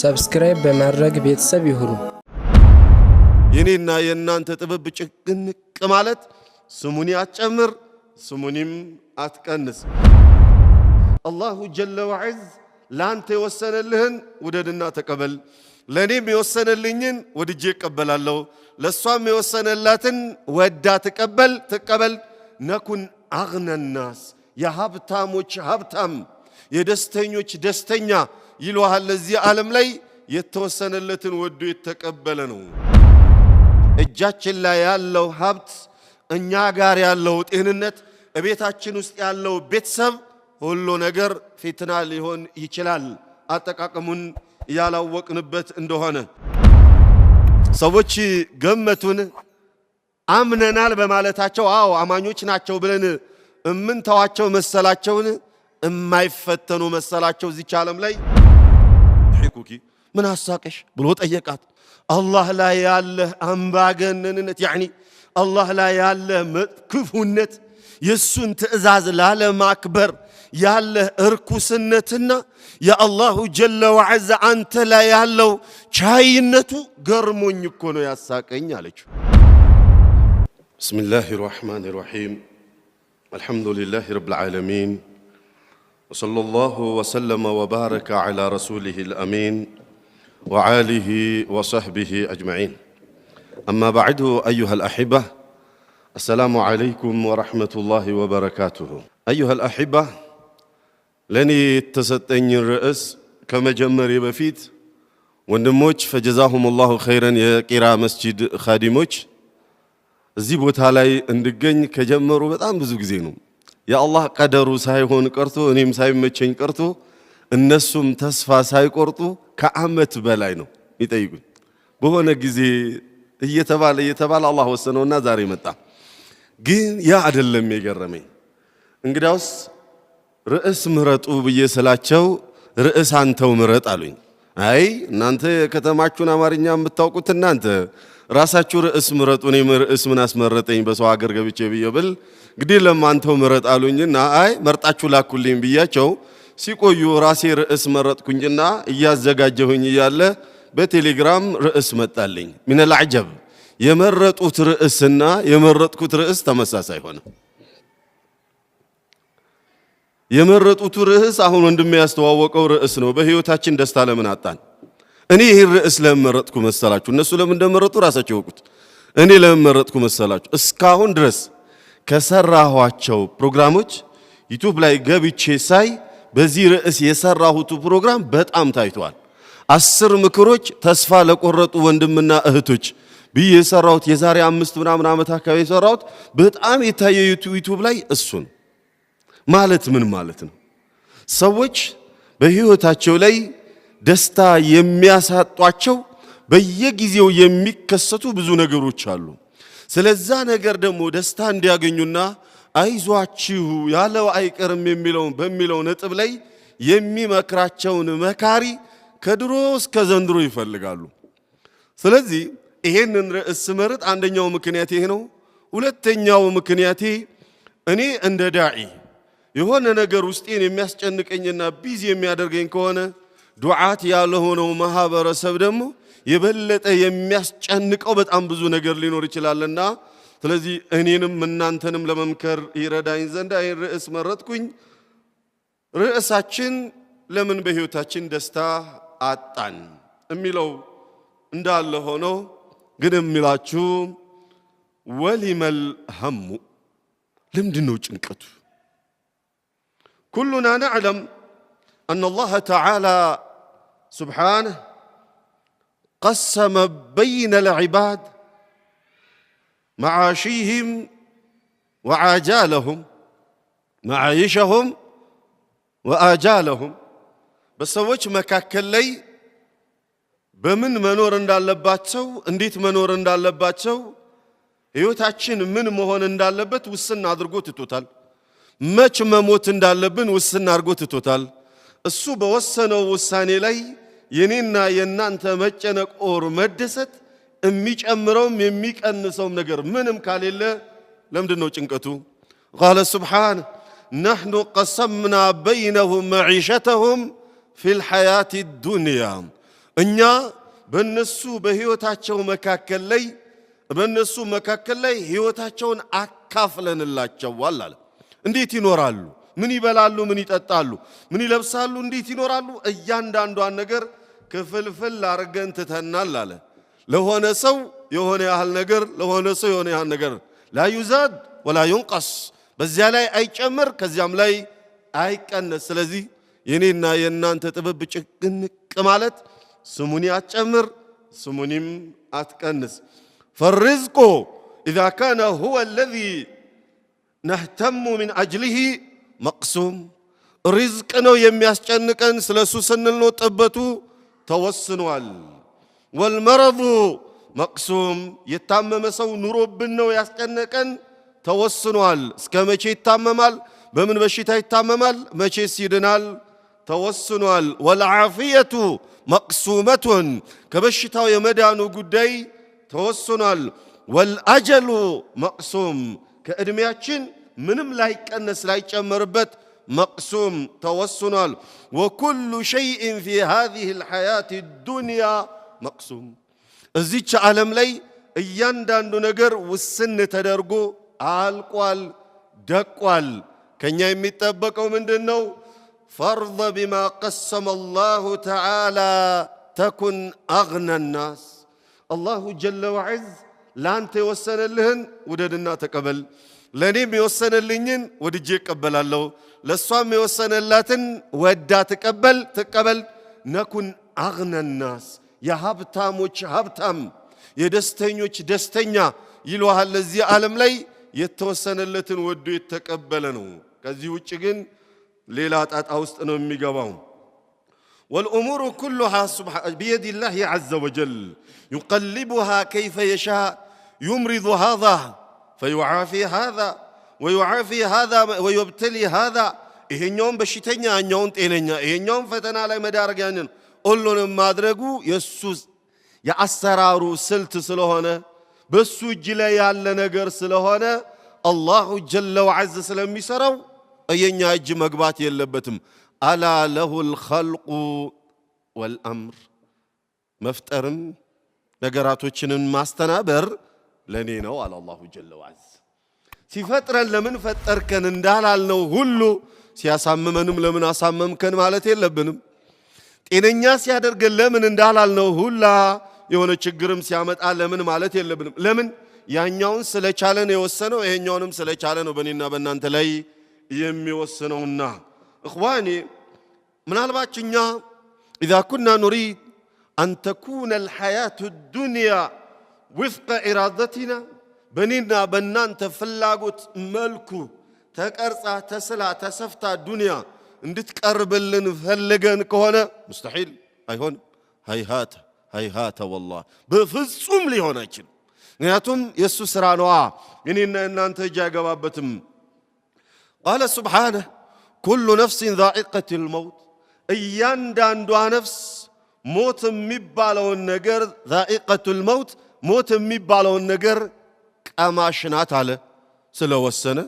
ሰብስክራይብ በማድረግ ቤተሰብ ይሁኑ። የኔና የእናንተ ጥበብ ጭቅንቅ ማለት ስሙኒ አትጨምር፣ ስሙኒም አትቀንስ። አላሁ ጀለ ወዐዝ ለአንተ የወሰነልህን ውደድና ተቀበል። ለእኔም የወሰነልኝን ወድጄ እቀበላለሁ። ለእሷም የወሰነላትን ወዳ ትቀበል ትቀበል ነኩን አግነናስ የሀብታሞች ሀብታም የደስተኞች ደስተኛ ይለሃል። ለዚህ ዓለም ላይ የተወሰነለትን ወዶ የተቀበለ ነው። እጃችን ላይ ያለው ሀብት፣ እኛ ጋር ያለው ጤንነት፣ እቤታችን ውስጥ ያለው ቤተሰብ፣ ሁሉ ነገር ፊትና ሊሆን ይችላል አጠቃቀሙን ያላወቅንበት እንደሆነ ሰዎች ገመቱን አምነናል በማለታቸው አዎ አማኞች ናቸው ብለን እምንተዋቸው መሰላቸውን እማይፈተኑ መሰላቸው። እዚች ዓለም ላይ ሒኩኪ ምን አሳቀሽ ብሎ ጠየቃት። አላህ ላይ ያለህ አምባገነንነት ያኒ አላህ ላይ ያለህ ክፉነት፣ የእሱን ትዕዛዝ ላለማክበር ያለህ እርኩስነትና የአላሁ ጀለ ወዐዛ አንተ ላይ ያለው ቻይነቱ ገርሞኝ እኮ ነው ያሳቀኝ አለችው። بسم الله الرحمن الرحيم الحمد لله رب العالمين وصلى الله وسلم وبارك على رسوله الامين وعاله وصحبه اجمعين اما بعد ايها الاحبه السلام عليكم ورحمه الله وبركاته ايها الاحبه لني تستني الرئيس كما جمر بفيت وندموج فجزاهم الله خيرا يا كرام مسجد خادموج እዚህ ቦታ ላይ እንድገኝ ከጀመሩ በጣም ብዙ ጊዜ ነው። የአላህ ቀደሩ ሳይሆን ቀርቶ እኔም ሳይመቸኝ ቀርቶ እነሱም ተስፋ ሳይቆርጡ ከዓመት በላይ ነው ይጠይቁኝ። በሆነ ጊዜ እየተባለ እየተባለ አላህ ወሰነውና ዛሬ መጣ። ግን ያ አይደለም የገረመኝ። እንግዳውስ ርዕስ ምረጡ ብዬ ስላቸው ርዕስ አንተው ምረጥ አሉኝ። አይ እናንተ የከተማችሁን አማርኛ የምታውቁት እናንተ ራሳችሁ ርዕስ ምረጡ፣ እኔም ርዕስ ምን አስመረጠኝ በሰው ሀገር ገብቼ ብዬ ብል እንግዲህ ለማንተው ምረጥ አሉኝና አይ መርጣችሁ ላኩልኝ ብያቸው ሲቆዩ ራሴ ርዕስ መረጥኩኝና እያዘጋጀሁኝ እያለ በቴሌግራም ርዕስ መጣልኝ። ሚነል አጀብ የመረጡት ርዕስና የመረጥኩት ርዕስ ተመሳሳይ ሆነ። የመረጡት ርዕስ አሁን ወንድሜ ያስተዋወቀው ርዕስ ነው። በህይወታችን ደስታ ለምን አጣን? እኔ ይህን ርዕስ ለምን መረጥኩ መሰላችሁ? እነሱ ለምን እንደመረጡ ራሳቸው ይወቁት። እኔ ለምን መረጥኩ መሰላችሁ? እስካሁን ድረስ ከሰራኋቸው ፕሮግራሞች ዩቱብ ላይ ገብቼ ሳይ በዚህ ርዕስ የሰራሁት ፕሮግራም በጣም ታይቷል። አስር ምክሮች ተስፋ ለቆረጡ ወንድምና እህቶች ብዬ የሰራሁት የዛሬ አምስት ምናምን ዓመት አካባቢ የሰራሁት በጣም የታየ ዩቱብ ላይ እሱን ማለት ምን ማለት ነው? ሰዎች በህይወታቸው ላይ ደስታ የሚያሳጧቸው በየጊዜው የሚከሰቱ ብዙ ነገሮች አሉ። ስለዛ ነገር ደግሞ ደስታ እንዲያገኙና አይዟችሁ ያለው አይቀርም የሚለውን በሚለው ነጥብ ላይ የሚመክራቸውን መካሪ ከድሮ እስከ ዘንድሮ ይፈልጋሉ። ስለዚህ ይሄንን ርዕስ ስመርጥ አንደኛው ምክንያቴ ይሄ ነው። ሁለተኛው ምክንያቴ እኔ እንደ ዳዒ የሆነ ነገር ውስጤን የሚያስጨንቀኝና ቢዚ የሚያደርገኝ ከሆነ ዱዓት ያልሆነው ማህበረሰብ ደግሞ የበለጠ የሚያስጨንቀው በጣም ብዙ ነገር ሊኖር ይችላልና፣ ስለዚህ እኔንም እናንተንም ለመምከር ይረዳኝ ዘንድ ይህን ርዕስ መረጥኩኝ። ርዕሳችን ለምን በሕይወታችን ደስታ አጣን የሚለው እንዳለ ሆኖ ግን የሚላችሁ ወሊመል ሀሙ ለምንድን ነው ጭንቀቱ? ኩሉና ነዕለም አነ አላህ ተዓላ سبحانه قسم بين العباد معاشيهم وعاجالهم معايشهم وآجالهم በሰዎች መካከል ላይ በምን መኖር እንዳለባቸው እንዴት መኖር እንዳለባቸው ሕይወታችን ምን መሆን እንዳለበት ውስን አድርጎ ትቶታል። መች መሞት እንዳለብን ውስን አድርጎ ትቶታል። እሱ በወሰነው ውሳኔ ላይ የኔና የእናንተ መጨነቅ ኦር መደሰት የሚጨምረውም የሚቀንሰውም ነገር ምንም ካሌለ ለምንድን ነው ጭንቀቱ? ቃለ ስብሓን ነሕኑ ቀሰምና በይነሁም መዒሸተሁም ፊልሐያት ዱንያ እኛ በነሱ በሕይወታቸው መካከል ላይ በነሱ መካከል ላይ ሕይወታቸውን አካፍለንላቸዋል አለ። እንዴት ይኖራሉ? ምን ይበላሉ? ምን ይጠጣሉ? ምን ይለብሳሉ? እንዴት ይኖራሉ? እያንዳንዷን ነገር ክፍልፍል አድርገን ትተናል አለ። ለሆነ ሰው የሆነ ያህል ነገር፣ ለሆነ ሰው የሆነ ያህል ነገር። ላ ዩዛድ ወላ ዩንቀስ፣ በዚያ ላይ አይጨምር ከዚያም ላይ አይቀነስ። ስለዚህ የኔና የእናንተ ጥበብ ጭቅንቅ ማለት ስሙኒ አትጨምር፣ ስሙኒም አትቀንስ። ፈርዝቁ ኢዛ ካነ ሁወ ለዚ ነህተሙ ምን አጅሊሂ መቅሱም ሪዝቅ ነው የሚያስጨንቀን። ስለ እሱ ስንል ነው ጥበቱ ተወስኗል። ወልመረቡ መቅሱም የታመመ ሰው ኑሮብን ነው ያስጨነቀን፣ ተወስኗል። እስከ መቼ ይታመማል? በምን በሽታ ይታመማል? መቼስ ይድናል? ተወስኗል። ወልዓፍየቱ መቅሱመቱን ከበሽታው የመዳኑ ጉዳይ ተወስኗል። ወልአጀሉ መቅሱም ከእድሜያችን ምንም ላይቀነስ ላይጨመርበት መቅሱም ተወስኗል። ወኩሉ ሸይእን ፊ ሃዚህ ልሐያት ዱንያ መቅሱም እዚች ዓለም ላይ እያንዳንዱ ነገር ውስን ተደርጎ አልቋል፣ ደቋል። ከእኛ የሚጠበቀው ምንድን ነው? ፈርض ቢማ ቀሰመ አላሁ ተዓላ ተኩን አግና ናስ አላሁ ጀለ ወዐዝ ለአንተ የወሰነልህን ውደድና ተቀበል። ለእኔም የወሰነልኝን ወድጄ እቀበላለሁ፣ ለእሷም የወሰነላትን ወዳ ትቀበል ትቀበል። ነኩን አግነናስ የሀብታሞች ሀብታም የደስተኞች ደስተኛ ይለሃል። ለዚህ ዓለም ላይ የተወሰነለትን ወዶ የተቀበለ ነው። ከዚህ ውጭ ግን ሌላ ጣጣ ውስጥ ነው የሚገባው። ወልኡሙሩ ኩሉሃ ብየዲላህ ዐዘ ወጀል ዩቀልቡሃ ከይፈ የሻ ዩምሪዱ ሃዛ ፈዩዓፊ ሃዛ ወዩዓፊ ሃዛ ወዩብትሊ ሃዛ ይሄኛውም በሽተኛ ያኛውን ጤነኛ ይሄኛውም ፈተና ላይ መዳረግ ያንን ሁሉንም ማድረጉ የእሱ የአሰራሩ ስልት ስለሆነ በሱ እጅ ላይ ያለ ነገር ስለሆነ አላሁ ጀለ ወዐዝ ስለሚሰራው የኛ እጅ መግባት የለበትም። አላ ለሁ ልኸልቁ ወልአምር መፍጠርም ነገራቶችንን ማስተናበር ለእኔ ነው አለ አላሁ ጀለ ወዐዝ። ሲፈጥረን ለምን ፈጠርከን እንዳላልነው ሁሉ ሲያሳምመንም ለምን አሳመምከን ማለት የለብንም። ጤነኛ ሲያደርገን ለምን እንዳላልነው ሁላ የሆነ ችግርም ሲያመጣ ለምን ማለት የለብንም። ለምን ያኛውን ስለቻለን የወሰነው፣ ይሄኛውንም ስለቻለ ነው በእኔና በእናንተ ላይ የሚወስነውና እኽዋኔ ምናልባች እኛ ኢዛ ኩና ኑሪድ አንተኩነ አልሐያቱ ዱንያ ውፍቀ ኢራደቲና በእኔና በእናንተ ፍላጎት መልኩ ተቀርጻ ተስላ ተሰፍታ ዱንያ እንድትቀርብልን ፈልገን ከሆነ ሙስተሒል አይሆን ሃይሃተ ሀይሃተ ወላሂ በፍጹም ሊሆን አይችልም። ምክንያቱም የእሱ ሥራ ነዋ። እኔና እናንተ እጅ አይገባበትም። ቃለ ሱብሓነህ ኩሉ ነፍሲን ዛኢቀትል መውት፣ እያንዳንዷ ነፍስ ሞት የሚባለውን ነገር ዛኢቀቱል መውት ሞት የሚባለውን ነገር ቀማሽ ናት አለ ስለወሰነ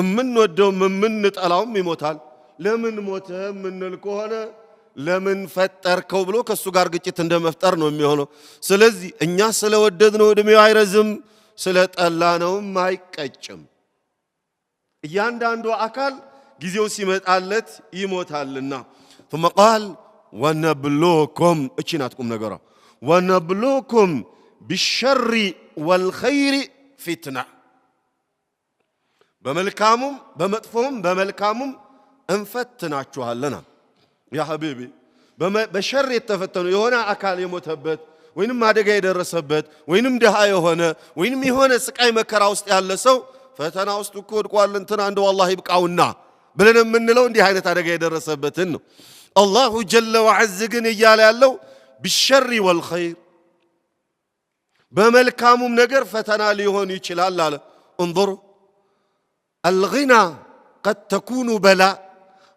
እምንወደውም የምንጠላውም ይሞታል። ለምን ሞተ የምንል ከሆነ ለምን ፈጠርከው ብሎ ከእሱ ጋር ግጭት እንደ መፍጠር ነው የሚሆነው። ስለዚህ እኛ ስለወደድነው ዕድሜው አይረዝም፣ ስለጠላነውም አይቀጭም። እያንዳንዱ አካል ጊዜው ሲመጣለት ይሞታልና ثم قال ونبلوكم እቺ ናት ቁም ነገሯ ونبلوكم ቢሸሪ ወልኸይሪ ፊትና በመልካሙም በመጥፎም በመልካሙም እንፈትናችኋለን። ያ ሀቢቢ በሸር የተፈተኑ የሆነ አካል የሞተበት ወይንም አደጋ የደረሰበት ወይንም ድሃ የሆነ ወይንም የሆነ ስቃይ መከራ ውስጥ ያለ ሰው ፈተና ውስጥ እኮ ወድቋል እንትን አንድ ዋላህ ይብቃውና ብለን የምንለው እንዲህ አይነት አደጋ የደረሰበትን ነው። አላሁ ጀለ ወዐዝ ግን እያለ ያለው ቢሸሪ ወልኸይር በመልካሙም ነገር ፈተና ሊሆን ይችላል አለ። እንظሩ አልጊና ቀድ ተኩኑ በላ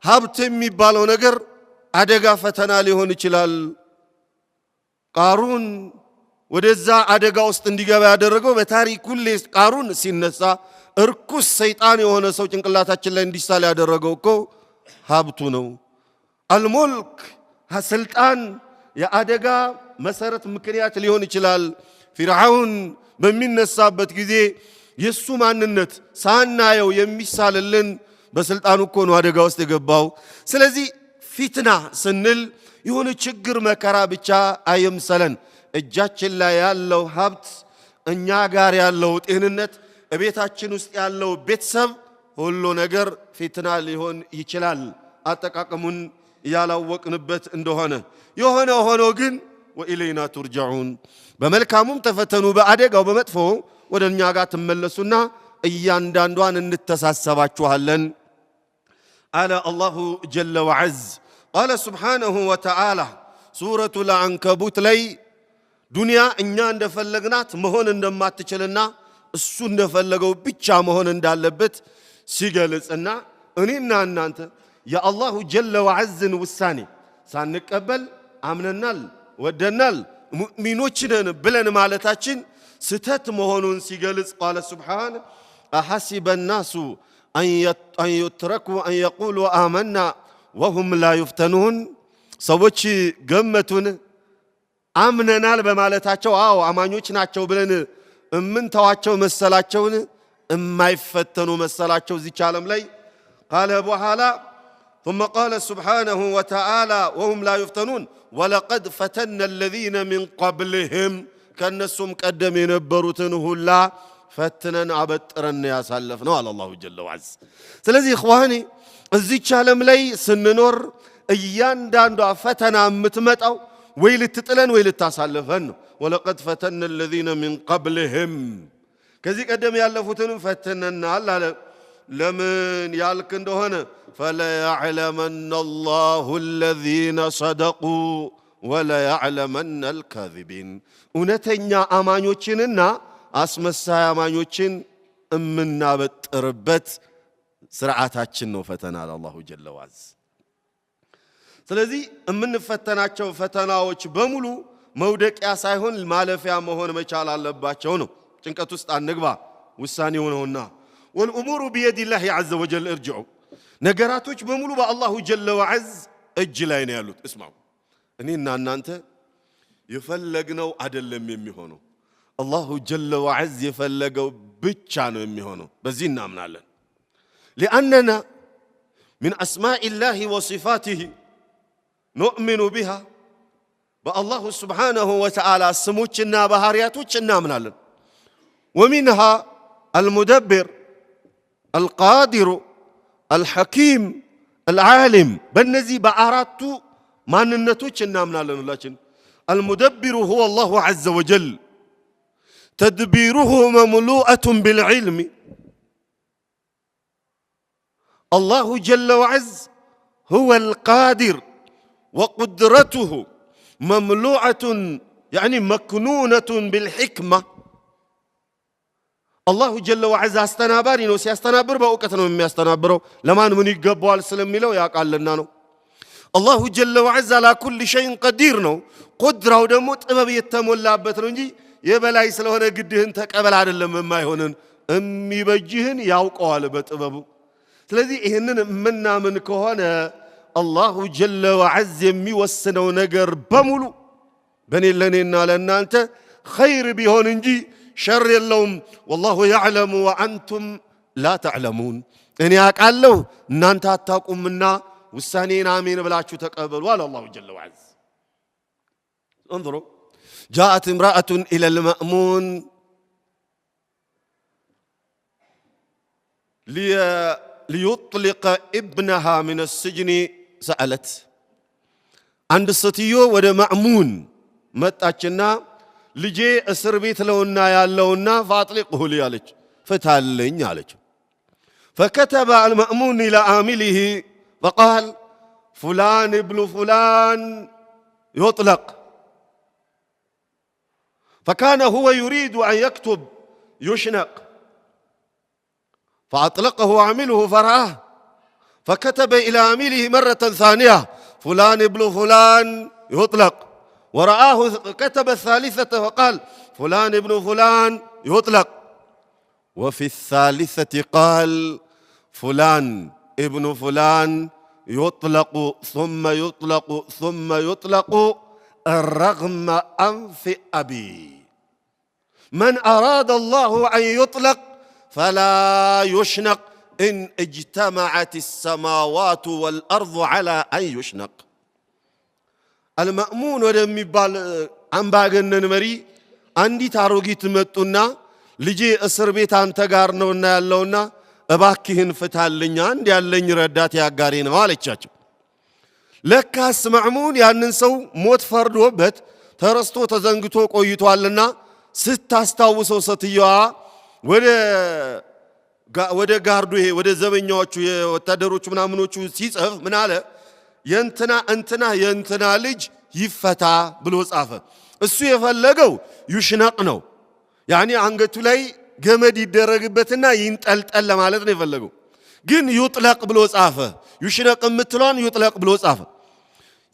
ሀብት የሚባለው ነገር አደጋ ፈተና ሊሆን ይችላል። ቃሩን ወደዛ አደጋ ውስጥ እንዲገባ ያደረገው በታሪክ ሁሌ ቃሩን ሲነሳ እርኩስ ሰይጣን የሆነ ሰው ጭንቅላታችን ላይ እንዲሳል ያደረገው እኮ ሀብቱ ነው። አልሞልክ ስልጣን የአደጋ መሰረት ምክንያት ሊሆን ይችላል። ፊርዓውን በሚነሳበት ጊዜ የእሱ ማንነት ሳናየው የሚሳልልን በስልጣኑ እኮ ነው አደጋ ውስጥ የገባው። ስለዚህ ፊትና ስንል የሆነ ችግር መከራ ብቻ አይምሰለን። እጃችን ላይ ያለው ሀብት፣ እኛ ጋር ያለው ጤንነት፣ እቤታችን ውስጥ ያለው ቤተሰብ፣ ሁሉ ነገር ፊትና ሊሆን ይችላል አጠቃቀሙን ያላወቅንበት እንደሆነ። የሆነ ሆኖ ግን ወኢለይና ቱርጃዑን በመልካሙም ተፈተኑ፣ በአደጋው በመጥፎ ወደ እኛ ጋር ትመለሱና እያንዳንዷን እንተሳሰባችኋለን አለ አላሁ ጀለ ወዐዝ። ቃለ ስብሓነሁ ወተዓላ ሱረቱ አንከቡት ላይ ዱንያ እኛ እንደፈለግናት መሆን እንደማትችልና እሱ እንደፈለገው ብቻ መሆን እንዳለበት ሲገልጽና እኔና እናንተ የአላሁ ጀለ ወዐዝን ውሳኔ ሳንቀበል አምነናል፣ ወደናል ሙእሚኖች ነን ብለን ማለታችን ስተት መሆኑን ሲገልጽ ቃለ ስብሓን አሐሲበ ናሱ አን ዩትረኩ አን የቁሉ አመና ወሁም ላ ዩፍተኑን ሰዎች ገመቱን አምነናል በማለታቸው አዎ አማኞች ናቸው ብለን እምንተዋቸው መሰላቸውን እማይፈተኑ መሰላቸው እዚች ዓለም ላይ ካለ በኋላ ثم قال سبحانه وتعالى وهم لا يفتنون ولقد فتن الذين من قبلهم كنسهم قدم ينبروتن هلا ፈትነን አበጥረን ያሳለፍ ነው አለ አላሁ ጀለ ወዐዝ። ስለዚህ ኢኽዋኒ እዚች ዓለም ላይ ስንኖር እያንዳንዷ ፈተና የምትመጣው ወይ ልትጥለን ወይ ልታሳልፈን ነው። ወለቀድ ፈተነ አለዚነ ሚን ቀብልህም ከዚህ ቀደም ያለፉትንም ፈትነናል አለ። ለምን ያልክ እንደሆነ فليعلمن الله الذين صدقوا ወለያዕለመነ አልካዚቢን እውነተኛ አማኞችንና አስመሳይ አማኞችን እምናበጥርበት ስርዓታችን ነው ፈተና ለአላሁ ጀለ ዋዝ። ስለዚህ የምንፈተናቸው ፈተናዎች በሙሉ መውደቂያ ሳይሆን ማለፊያ መሆን መቻል አለባቸው ነው። ጭንቀት ውስጥ አንግባ፣ ውሳኔው ነውና። ወልኡሙሩ ቢየዲላህ ዐዘ ወጀል እርጅዑ ነገራቶች በሙሉ በአላሁ ጀለ ወዐዝ እጅ ላይ ነው ያሉት። እስማው እኔና እናንተ የፈለግነው አይደለም የሚሆነው፣ አላሁ ጀለ ወዐዝ የፈለገው ብቻ ነው የሚሆነው። በዚህ እናምናለን። ሊአነና ሚን አስማኢ ላህ ወሲፋትህ ኑእሚኑ ቢሃ በአላሁ ስብሓነሁ ወተዓላ ስሞችና ባህርያቶች እናምናለን። ወሚንሃ አልሙደብር አልቃዲሩ الحكيم العالم بنزي بعرات ما ننتوش النامنا لنا لكن المدبر هو الله عز وجل تدبيره مملوءة بالعلم الله جل وعز هو القادر وقدرته مملوءة يعني مكنونة بالحكمه አላሁ ጀለ ወዐዛ አስተናባሪ ነው። ሲያስተናብር በእውቀት ነው የሚያስተናብረው። ለማን ምን ይገባዋል ስለሚለው ያውቃልና ነው። አላሁ ጀለ ወዐዛ ላኩል ሸይን ቀዲር ነው። ቁድራው ደግሞ ጥበብ የተሞላበት ነው እንጂ የበላይ ስለሆነ ግድህን ተቀበል አይደለም። የማይሆንን የሚበጅህን ያውቀዋል በጥበቡ። ስለዚህ ይህንን የምናምን ከሆነ አላሁ ጀለ ወዐዝ የሚወስነው ነገር በሙሉ በእኔ ለእኔና ለእናንተ ኸይር ቢሆን እንጂ ሸር የለውም። ወላሁ ያዕለሙ ወአንቱም ላ ተዕለሙን እኔ አውቃለሁ እናንተ አታውቁምና ውሳኔን አሜን ብላችሁ ተቀበሉ አለ አላሁ ጀለ ወዐዝ። እንظሩ ጃአት እምራአቱን ኢለል መእሙን ሊዩጥሊቀ ኢብነሃ ምን ስጅኒ ሰአለት። አንድ ሴትዮ ወደ ማእሙን መጣችና ልጄ እስር ቤት ለውና ያለውና ፋጥሊቅሁ ሊ አለች፣ ፍታልኝ አለች። ፈከተበ አልመእሙን ኢላ አሚሊሂ ፈቃል ፉላን እብኑ ፉላን ዩጥለቅ ፈካነ ሁወ ዩሪዱ አን የክቱብ ዩሽነቅ فأطلقه عامله فرآه فكتب إلى عامله مرة ثانية فلان ابن فلان يطلق ورآه كتب الثالثة وقال فلان ابن فلان يطلق وفي الثالثة قال فلان ابن فلان يطلق ثم يطلق ثم يطلق رغم أنف أبي من أراد الله أن يطلق فلا يشنق إن اجتمعت السماوات والأرض على أن يشنق አልማእሙን ወደሚባል አምባገነን መሪ አንዲት አሮጊት መጡና ልጄ እስር ቤት አንተ ጋር ነውና ያለውና እባክህን ፍታልኝ፣ አንድ ያለኝ ረዳት ያጋሬ ነው አለቻቸው። ለካስ ማእሙን ያንን ሰው ሞት ፈርዶበት ተረስቶ ተዘንግቶ ቆይቷልና ስታስታውሰው ሴትየዋ ወደ ጋርዱ ወደ ዘበኛዎቹ የወታደሮቹ ምናምኖቹ ሲጽፍ ምን አለ? የእንትና እንትና የእንትና ልጅ ይፈታ ብሎ ጻፈ። እሱ የፈለገው ዩሽነቅ ነው። ያኔ አንገቱ ላይ ገመድ ይደረግበትና ይንጠልጠል ለማለት ነው የፈለገው። ግን ዩጥለቅ ብሎ ጻፈ። ዩሽነቅ የምትሏን ዩጥለቅ ብሎ ጻፈ።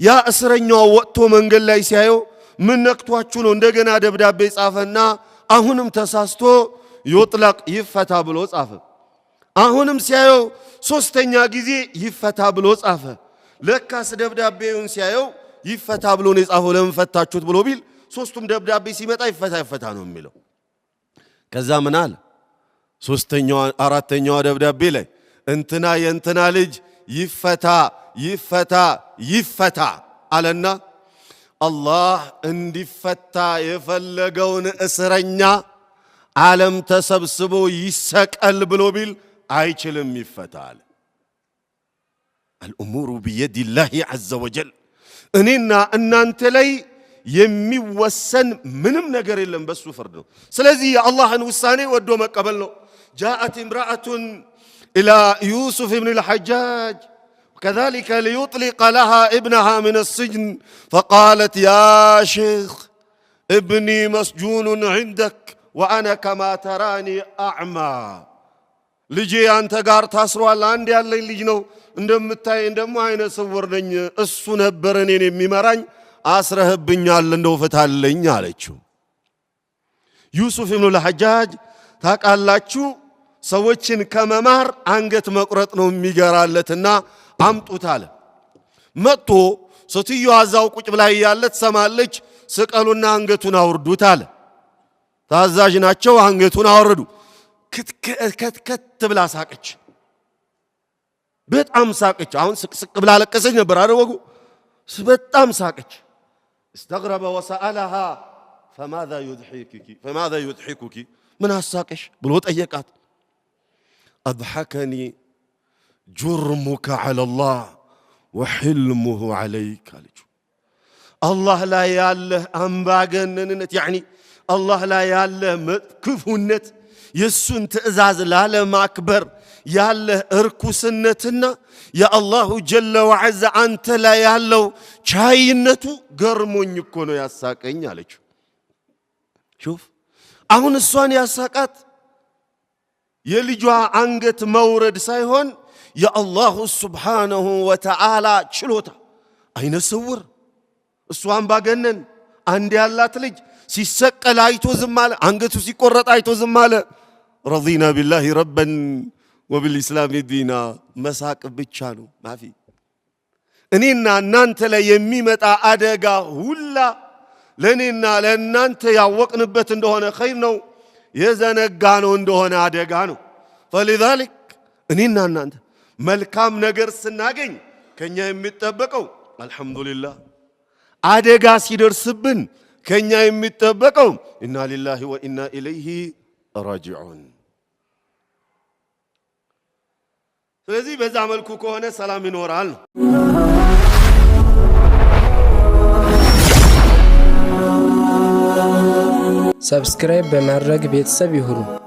ያ እስረኛው ወጥቶ መንገድ ላይ ሲያየው ምን ነክቷችሁ ነው? እንደገና ደብዳቤ ጻፈና አሁንም ተሳስቶ ዩጥለቅ ይፈታ ብሎ ጻፈ። አሁንም ሲያየው ሶስተኛ ጊዜ ይፈታ ብሎ ጻፈ። ለካስ ደብዳቤውን ሲያየው ይፈታ ብሎ ነው የጻፈው። ለምን ፈታችሁት ብሎ ቢል ሶስቱም ደብዳቤ ሲመጣ ይፈታ ይፈታ ነው የሚለው። ከዛ ምን አለ? ሶስተኛዋ አራተኛዋ ደብዳቤ ላይ እንትና የእንትና ልጅ ይፈታ ይፈታ ይፈታ አለና አላህ እንዲፈታ የፈለገውን እስረኛ ዓለም ተሰብስቦ ይሰቀል ብሎ ቢል አይችልም፣ ይፈታ አለ። الأمور بيد الله عز وجل أننا أن أنت لي يمي وسن من نقر اللي بس فردو سلزي الله وساني ودوما قبلنا جاءت امرأة إلى يوسف بن الحجاج وكذلك ليطلق لها ابنها من السجن فقالت يا شيخ ابني مسجون عندك وأنا كما تراني أعمى ልጄ አንተ ጋር ታስሯል። አንድ ያለኝ ልጅ ነው እንደምታይ እንደሞ አይነ ስውር ነኝ። እሱ ነበር እኔን የሚመራኝ። አስረህብኛል፣ እንደው ፍታልኝ አለችው። ዩሱፍ ኢብኑ ለሐጃጅ ታቃላችሁ፣ ሰዎችን ከመማር አንገት መቁረጥ ነው የሚገራለትና አምጡት አለ። መጥቶ ሴትዮዋ እዛው ቁጭ ብላ እያለ ትሰማለች። ስቀሉና አንገቱን አውርዱት አለ። ታዛዥ ናቸው። አንገቱን አወረዱ። كت كت كت كت በጣም ሳቀች አሁን ስቅስቅ ብላ ለቀሰች ነበር አረ ወጉ በጣም ሳቀች استغرب وسالها فماذا يضحكك فماذا يضحكك من هالساقش بلو طيقات اضحكني جرمك على الله وحلمه عليك الله لا يالله ام باغننت يعني الله لا يالله ياله كفونت የእሱን ትእዛዝ ላለማክበር ያለህ እርኩስነትና የአላሁ ጀለ ወዐዛ አንተ ላይ ያለው ቻይነቱ ገርሞኝ እኮ ነው ያሳቀኝ አለችው። ሹፍ አሁን እሷን ያሳቃት የልጇ አንገት መውረድ ሳይሆን የአላሁ ስብሓነሁ ወተዓላ ችሎታ፣ አይነ ስውር እሱ አምባገነን አንድ ያላት ልጅ ሲሰቀል አይቶ ዝም አለ። አንገቱ ሲቆረጥ አይቶ ዝም አለ። ረዲና ቢላሂ ረበን ወብልእስላም ዲና። መሳቅ ብቻ ነው ማፊ። እኔና እናንተ ላይ የሚመጣ አደጋ ሁላ ለእኔና ለእናንተ ያወቅንበት እንደሆነ ኸይር ነው፣ የዘነጋ ነው እንደሆነ አደጋ ነው። ፈሊዛሊክ እኔና እናንተ መልካም ነገር ስናገኝ ከኛ የሚጠበቀው አልሐምዱሊላህ፣ አደጋ ሲደርስብን ከኛ የሚጠበቀው ኢና ሊላሂ ወኢና ኢለይህ ራጅዑን ስለዚህ በዛ መልኩ ከሆነ ሰላም ይኖራል። ሰብስክራይብ በማድረግ ቤተሰብ ይሁኑ።